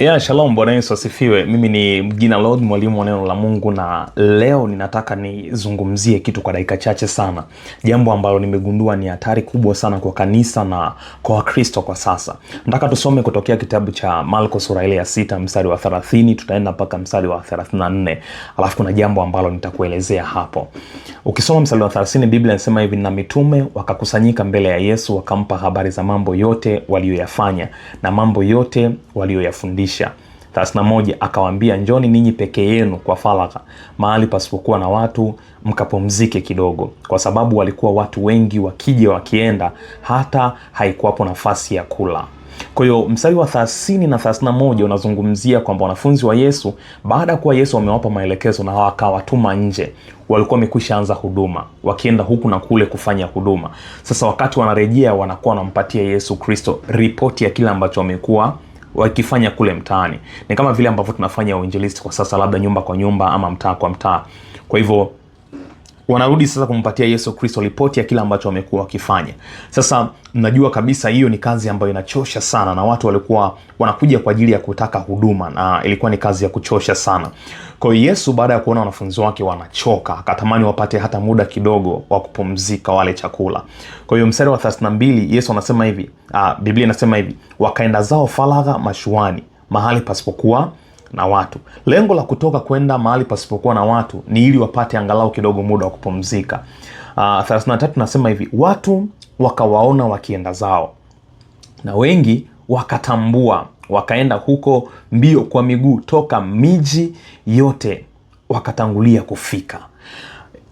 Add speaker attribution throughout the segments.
Speaker 1: Yeah, shalom Bwana Yesu asifiwe. Mimi ni Mgina Lord, mwalimu wa neno la Mungu, na leo ninataka nizungumzie kitu kwa dakika chache sana, jambo ambalo nimegundua ni hatari kubwa sana kwa kanisa na kwa Wakristo kwa sasa. Nataka tusome kutokea kitabu cha Marko sura ile ya sita mstari wa 30 tutaenda mpaka mstari wa 34, alafu kuna jambo ambalo nitakuelezea hapo. Ukisoma mstari wa 30, Biblia inasema hivi, na mitume wakakusanyika mbele ya Yesu, wakampa habari za mambo yote waliyoyafanya na mambo yote waliyoyafundisha maisha. Thelathini na moja, akawaambia njoni ninyi peke yenu kwa faragha mahali pasipokuwa na watu, mkapumzike kidogo, kwa sababu walikuwa watu wengi wakija wakienda, hata haikuwapo nafasi ya kula. Kwa hiyo mstari wa thelathini na moja unazungumzia kwamba wanafunzi wa Yesu baada ya kuwa Yesu wamewapa maelekezo na wakawatuma nje, walikuwa wamekwisha anza huduma, wakienda huku na kule kufanya huduma. Sasa wakati wanarejea, wanakuwa wanampatia Yesu Kristo ripoti ya kile ambacho wamekuwa wakifanya kule mtaani. Ni kama vile ambavyo tunafanya uinjilisti kwa sasa, labda nyumba kwa nyumba ama mtaa kwa mtaa. Kwa hivyo wanarudi sasa kumpatia Yesu Kristo ripoti ya kile ambacho wamekuwa wakifanya. Sasa mnajua kabisa hiyo ni kazi ambayo inachosha sana, na watu walikuwa wanakuja kwa ajili ya kutaka huduma na ilikuwa ni kazi ya kuchosha sana. Kwa hiyo Yesu baada ya kuona wanafunzi wake wanachoka, akatamani wapate hata muda kidogo wa kupumzika, wale chakula. Kwa hiyo mstari wa 32 Yesu anasema hivi, ah, Biblia inasema hivi, wakaenda zao faragha mashuani, mahali pasipokuwa na watu. Lengo la kutoka kwenda mahali pasipokuwa na watu ni ili wapate angalau kidogo muda wa kupumzika. Uh, ah, 33 nasema hivi, watu wakawaona wakienda zao na wengi wakatambua wakaenda huko mbio kwa miguu toka miji yote wakatangulia kufika.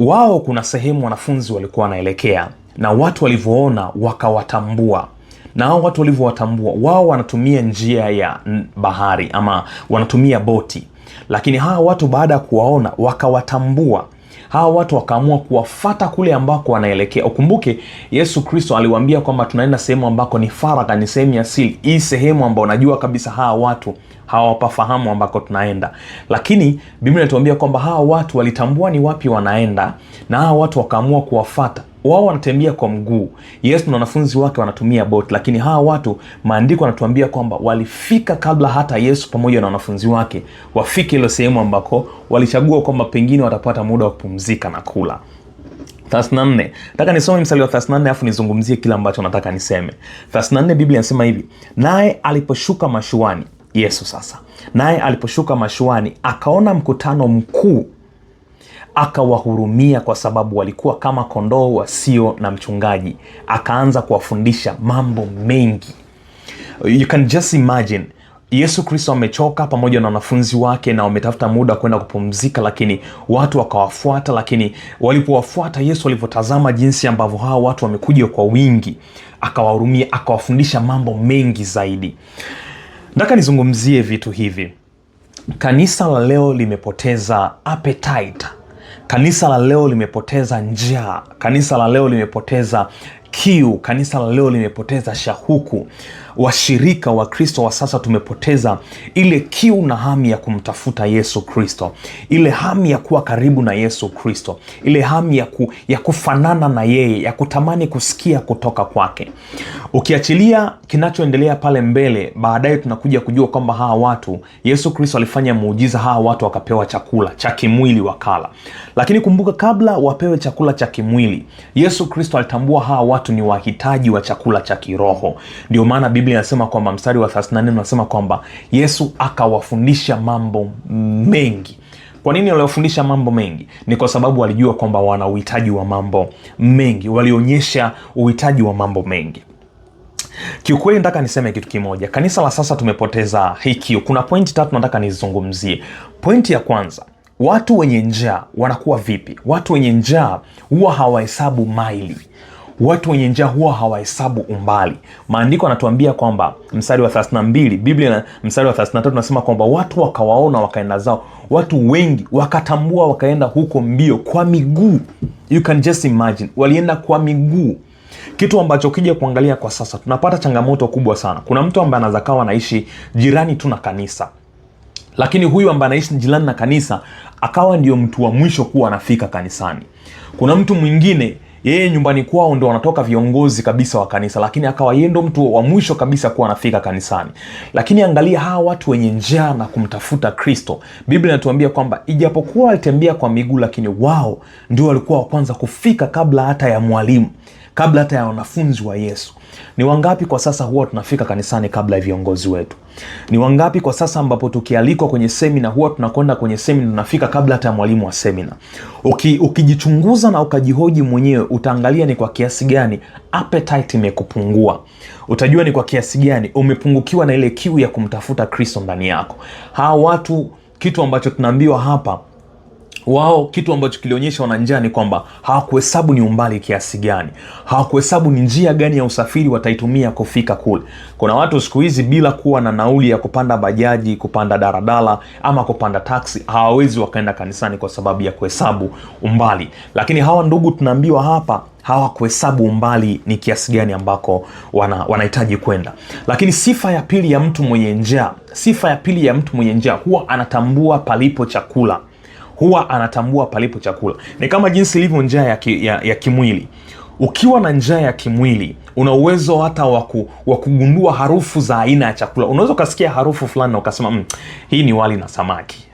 Speaker 1: Wao kuna sehemu wanafunzi walikuwa wanaelekea, na watu walivyoona wakawatambua na hao watu walivyowatambua, wao wanatumia njia ya bahari ama wanatumia boti, lakini hawa watu baada ya kuwaona wakawatambua hawa watu wakaamua kuwafata kule ambako wanaelekea. Ukumbuke Yesu Kristo aliwaambia kwamba tunaenda sehemu ambako ni faragha, ni sehemu ya sili hii sehemu ambao unajua kabisa hawa watu hawapafahamu ambako tunaenda, lakini Biblia inatuambia kwamba hawa watu walitambua ni wapi wanaenda, na hawa watu wakaamua kuwafata wao wanatembea kwa mguu. Yesu na wanafunzi wake wanatumia bot lakini hawa watu maandiko yanatuambia kwamba walifika kabla hata Yesu pamoja na wanafunzi wake wafike ile sehemu ambako walichagua kwamba pengine watapata muda wa kupumzika na kula. 34. Nataka nisome mstari wa 34 alafu nizungumzie kile ambacho nataka niseme. 34 Biblia inasema hivi, naye aliposhuka mashuani, Yesu sasa, naye aliposhuka mashuani akaona mkutano mkuu akawahurumia kwa sababu walikuwa kama kondoo wasio na mchungaji. Akaanza kuwafundisha mambo mengi. You can just imagine Yesu Kristo amechoka pamoja na wanafunzi wake na wametafuta muda kwenda kupumzika, lakini watu wakawafuata. Lakini walipowafuata Yesu, walivyotazama jinsi ambavyo hawa watu wamekuja kwa wingi, akawahurumia, akawafundisha mambo mengi zaidi. Nataka nizungumzie vitu hivi. Kanisa la leo limepoteza appetite Kanisa la leo limepoteza njaa. Kanisa la leo limepoteza kiu. Kanisa la leo limepoteza shahuku, Washirika wa Kristo wa sasa tumepoteza ile kiu na hamu ya kumtafuta Yesu Kristo, ile hamu ya kuwa karibu na Yesu Kristo, ile hamu ya, ku, ya kufanana na yeye, ya kutamani kusikia kutoka kwake. Ukiachilia kinachoendelea pale mbele, baadaye tunakuja kujua kwamba hawa watu, Yesu Kristo alifanya muujiza, hawa watu wakapewa chakula cha kimwili wakala. Lakini kumbuka, kabla wapewe chakula cha kimwili, Yesu Kristo alitambua hawa watu ni wahitaji wa chakula cha kiroho. Ndio maana Biblia inasema kwamba mstari wa 34 unasema kwamba Yesu akawafundisha mambo mengi. Kwa nini waliofundisha mambo mengi? Ni kwa sababu walijua kwamba wana uhitaji wa mambo mengi, walionyesha uhitaji wa mambo mengi. Kiukweli nataka niseme kitu kimoja, kanisa la sasa tumepoteza hii Kuna pointi tatu nataka nizungumzie. Pointi ya kwanza, watu wenye njaa wanakuwa vipi? Watu wenye njaa huwa hawahesabu maili watu wenye njaa huwa hawahesabu umbali. Maandiko anatuambia kwamba mstari wa 32, Biblia na mstari wa 33 nasema kwamba watu wakawaona wakaenda zao, watu wengi wakatambua wakaenda huko mbio kwa miguu. You can just imagine, walienda kwa miguu kitu ambacho kija kuangalia kwa sasa tunapata changamoto kubwa sana. Kuna mtu ambaye anaweza kawa anaishi jirani tu na kanisa, lakini huyu ambaye anaishi jirani na kanisa akawa ndio mtu wa mwisho kuwa anafika kanisani. Kuna mtu mwingine yeye nyumbani kwao ndo wanatoka viongozi kabisa wa kanisa, lakini akawa yeye ndo mtu wa mwisho kabisa kuwa anafika kanisani. Lakini angalia hawa watu wenye njaa na kumtafuta Kristo, Biblia inatuambia kwamba ijapokuwa walitembea kwa miguu, lakini wao ndio walikuwa wa kwanza kufika, kabla hata ya mwalimu, kabla hata ya wanafunzi wa Yesu. Ni wangapi kwa sasa huwa tunafika kanisani kabla ya viongozi wetu? Ni wangapi kwa sasa ambapo tukialikwa kwenye semina huwa tunakwenda kwenye semina, tunafika kabla hata ya mwalimu wa semina? Uki, ukijichunguza na ukajihoji mwenyewe utaangalia ni kwa kiasi gani appetite imekupungua. Utajua ni kwa kiasi gani umepungukiwa na ile kiu ya kumtafuta Kristo ndani yako. Hawa watu kitu ambacho tunaambiwa hapa wao kitu ambacho kilionyesha wananjaa ni kwamba hawakuhesabu ni umbali kiasi gani, hawakuhesabu ni njia gani ya usafiri wataitumia kufika kule. Kuna watu siku hizi bila kuwa na nauli ya kupanda bajaji, kupanda daradala ama kupanda taksi, hawawezi wakaenda kanisani kwa sababu ya kuhesabu umbali. Lakini hawa ndugu tunaambiwa hapa hawakuhesabu umbali ni kiasi gani ambako wana, wanahitaji kwenda. Lakini sifa ya pili ya mtu mwenye njaa, sifa ya pili ya mtu mwenye njaa huwa anatambua palipo chakula huwa anatambua palipo chakula. Ni kama jinsi ilivyo njaa ya, ki, ya, ya kimwili. Ukiwa na njaa ya kimwili una uwezo hata wa kugundua harufu za aina ya chakula. Unaweza ukasikia harufu fulani na ukasema mmm, hii ni wali na samaki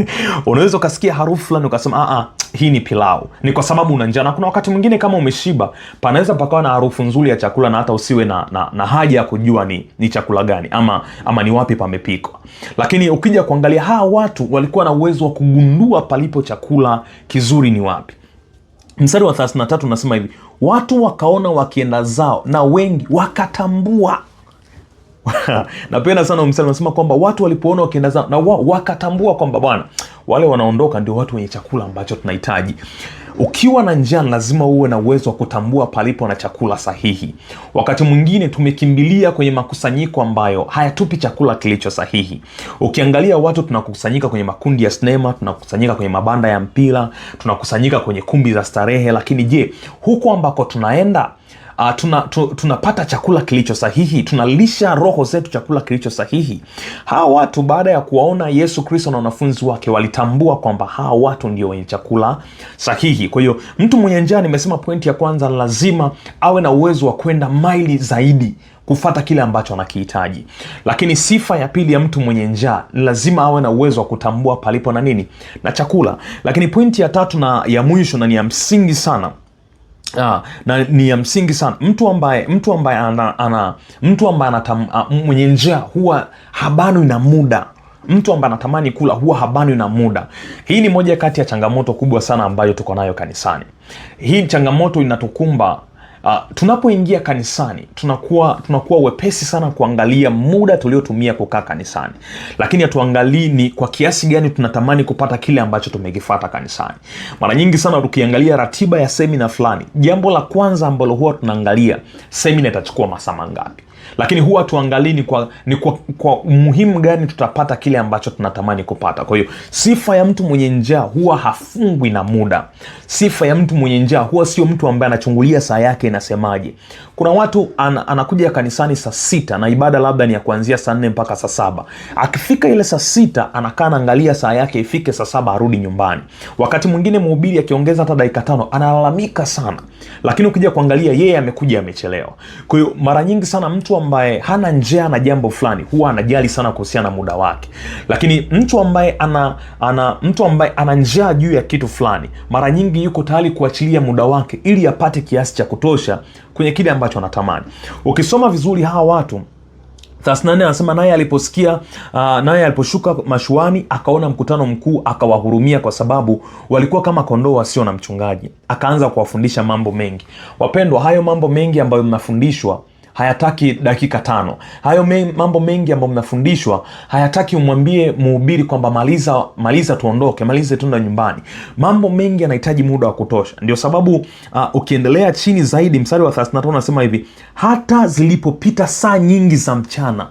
Speaker 1: unaweza ukasikia harufu fulani ukasema a ah, ah, hii ni pilau. Ni kwa sababu una njaa, na kuna wakati mwingine kama umeshiba, panaweza pakawa na harufu nzuri ya chakula na hata usiwe na, na, na haja ya kujua ni, ni chakula gani ama, ama ni wapi pamepikwa. Lakini ukija kuangalia hawa watu walikuwa na uwezo wa kugundua palipo chakula kizuri ni wapi mstari wa 33 unasema hivi, watu wakaona wakienda zao na wengi wakatambua napenda sana mstari anasema kwamba watu walipoona wakienda zao na wa, wakatambua kwamba bwana wale wanaondoka ndio watu wenye chakula ambacho tunahitaji. Ukiwa na njaa lazima uwe na uwezo wa kutambua palipo na chakula sahihi. Wakati mwingine tumekimbilia kwenye makusanyiko ambayo hayatupi chakula kilicho sahihi. Ukiangalia watu, tunakusanyika kwenye makundi ya sinema, tunakusanyika kwenye mabanda ya mpira, tunakusanyika kwenye kumbi za starehe, lakini je, huko ambako tunaenda uh, ah, tunapata tu, tunapata chakula kilicho sahihi, tunalisha roho zetu chakula kilicho sahihi. Hawa watu baada ya kuwaona Yesu Kristo na wanafunzi wake walitambua kwamba hawa watu ndio wenye chakula sahihi. Kwa hiyo mtu mwenye njaa, nimesema pointi ya kwanza, lazima awe na uwezo wa kwenda maili zaidi kufata kile ambacho anakihitaji. Lakini sifa ya pili ya mtu mwenye njaa lazima awe na uwezo wa kutambua palipo na nini na chakula. Lakini pointi ya tatu na ya mwisho na ni ya msingi sana Aa, ah, na ni ya msingi sana mtu ambaye mtu ambaye ana, ana mtu ambaye anata, ah, mwenye njia huwa habanwi na muda. Mtu ambaye anatamani kula huwa habanwi na muda. Hii ni moja kati ya changamoto kubwa sana ambayo tuko nayo kanisani. Hii changamoto inatukumba Uh, tunapoingia kanisani tunakuwa tunakuwa wepesi sana kuangalia muda tuliotumia kukaa kanisani, lakini hatuangalii ni kwa kiasi gani tunatamani kupata kile ambacho tumekifata kanisani. Mara nyingi sana tukiangalia ratiba ya semina fulani, jambo la kwanza ambalo huwa tunaangalia semina itachukua masaa mangapi lakini huwa tuangalii ni kwa, ni kwa, kwa umuhimu gani tutapata kile ambacho tunatamani kupata. Kwa hiyo sifa ya mtu mwenye njaa huwa hafungwi na muda. Sifa ya mtu mwenye njaa huwa sio mtu ambaye anachungulia saa yake inasemaje. Kuna watu an, anakuja kanisani saa sita na ibada labda ni ya kuanzia saa nne mpaka saa saba. Akifika ile saa sita anakaa naangalia saa yake ifike saa saba arudi nyumbani. Wakati mwingine mhubiri akiongeza hata dakika tano analalamika sana, lakini ukija kuangalia yeye amekuja amechelewa. Kwa hiyo mara nyingi sana mtu mtu ambaye hana njia na jambo fulani huwa anajali sana kuhusiana na muda wake, lakini mtu ambaye ana, ana mtu ambaye ana njaa juu ya kitu fulani mara nyingi yuko tayari kuachilia muda wake ili apate kiasi cha kutosha kwenye kile ambacho anatamani. Ukisoma vizuri hawa watu 38 anasema naye aliposikia uh, naye aliposhuka mashuani akaona mkutano mkuu, akawahurumia kwa sababu walikuwa kama kondoo wasio na mchungaji. Akaanza kuwafundisha mambo mengi. Wapendwa, hayo mambo mengi ambayo mnafundishwa hayataki dakika tano. Hayo me, mambo mengi ambayo mnafundishwa hayataki umwambie mhubiri kwamba maliza, maliza tuondoke, maliza tunda nyumbani. Mambo mengi yanahitaji muda wa kutosha. Ndio sababu uh, ukiendelea chini zaidi mstari wa 35 unasema hivi, hata zilipopita saa nyingi za mchana.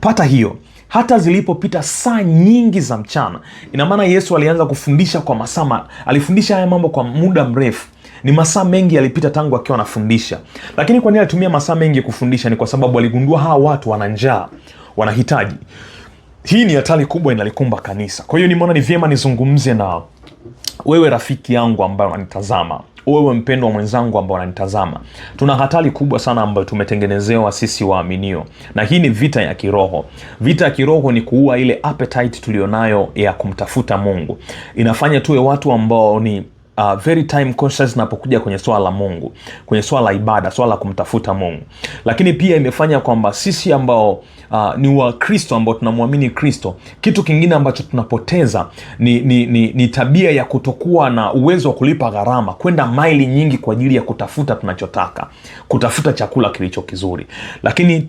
Speaker 1: Pata hiyo hata zilipopita saa nyingi za mchana. Ina maana Yesu alianza kufundisha kwa masaa, alifundisha haya mambo kwa muda mrefu ni masaa mengi yalipita tangu akiwa anafundisha. Lakini kwa nini alitumia masaa mengi kufundisha? Ni kwa sababu aligundua hawa watu wana njaa, wanahitaji. Hii ni hatari kubwa inalikumba kanisa. Kwa hiyo nimeona ni vyema nizungumze nao wewe rafiki yangu ambaye unanitazama wewe mpendwa mwenzangu ambao unanitazama, tuna hatari kubwa sana ambayo tumetengenezewa sisi waaminio, na hii ni vita ya kiroho. Vita ya kiroho ni kuua ile appetite tuliyonayo ya kumtafuta Mungu, inafanya tuwe watu ambao ni uh, very time conscious napokuja kwenye swala la Mungu, kwenye swala la ibada, swala la kumtafuta Mungu. Lakini pia imefanya kwamba sisi ambao uh, ni Wakristo ambao tunamwamini Kristo, kitu kingine ambacho tunapoteza ni, ni, ni, ni tabia ya kutokuwa na uwezo wa kulipa gharama, kwenda maili nyingi kwa ajili ya kutafuta tunachotaka, kutafuta chakula kilicho kizuri, lakini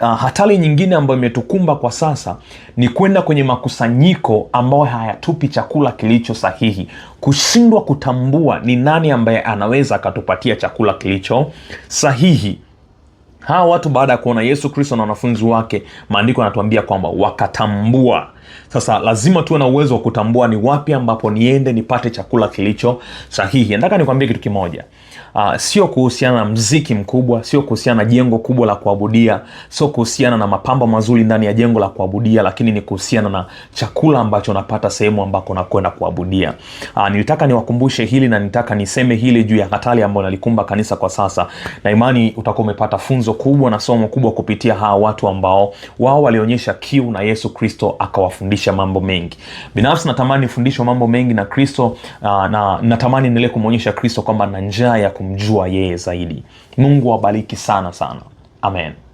Speaker 1: uh, hatari nyingine ambayo imetukumba kwa sasa ni kwenda kwenye makusanyiko ambayo hayatupi chakula kilicho sahihi, kushindwa kutambua ni nani ambaye anaweza akatupatia chakula kilicho sahihi. Hawa watu baada ya kuona Yesu Kristo na wanafunzi wake, maandiko yanatuambia kwamba wakatambua sasa lazima tuwe na uwezo wa kutambua ni wapi ambapo niende nipate chakula kilicho sahihi. Nataka nikwambie kitu kimoja. Uh, sio kuhusiana na mziki mkubwa, sio kuhusiana na jengo kubwa la kuabudia, sio kuhusiana na mapambo mazuri ndani ya jengo la kuabudia, lakini ni kuhusiana na chakula ambacho napata sehemu ambako nakwenda kuabudia. Uh, nilitaka niwakumbushe hili na nilitaka niseme hili juu ya hatari ambayo nalikumba kanisa kwa sasa, na imani utakuwa umepata funzo kubwa na somo kubwa kupitia hawa watu ambao wao walionyesha kiu na Yesu Kristo akawafundisha kufundisha mambo mengi. Binafsi natamani nifundishwe mambo mengi na Kristo na, ah, na natamani niendelee kumwonyesha Kristo kwamba na njaa ya kumjua yeye zaidi. Mungu wabariki sana sana, amen.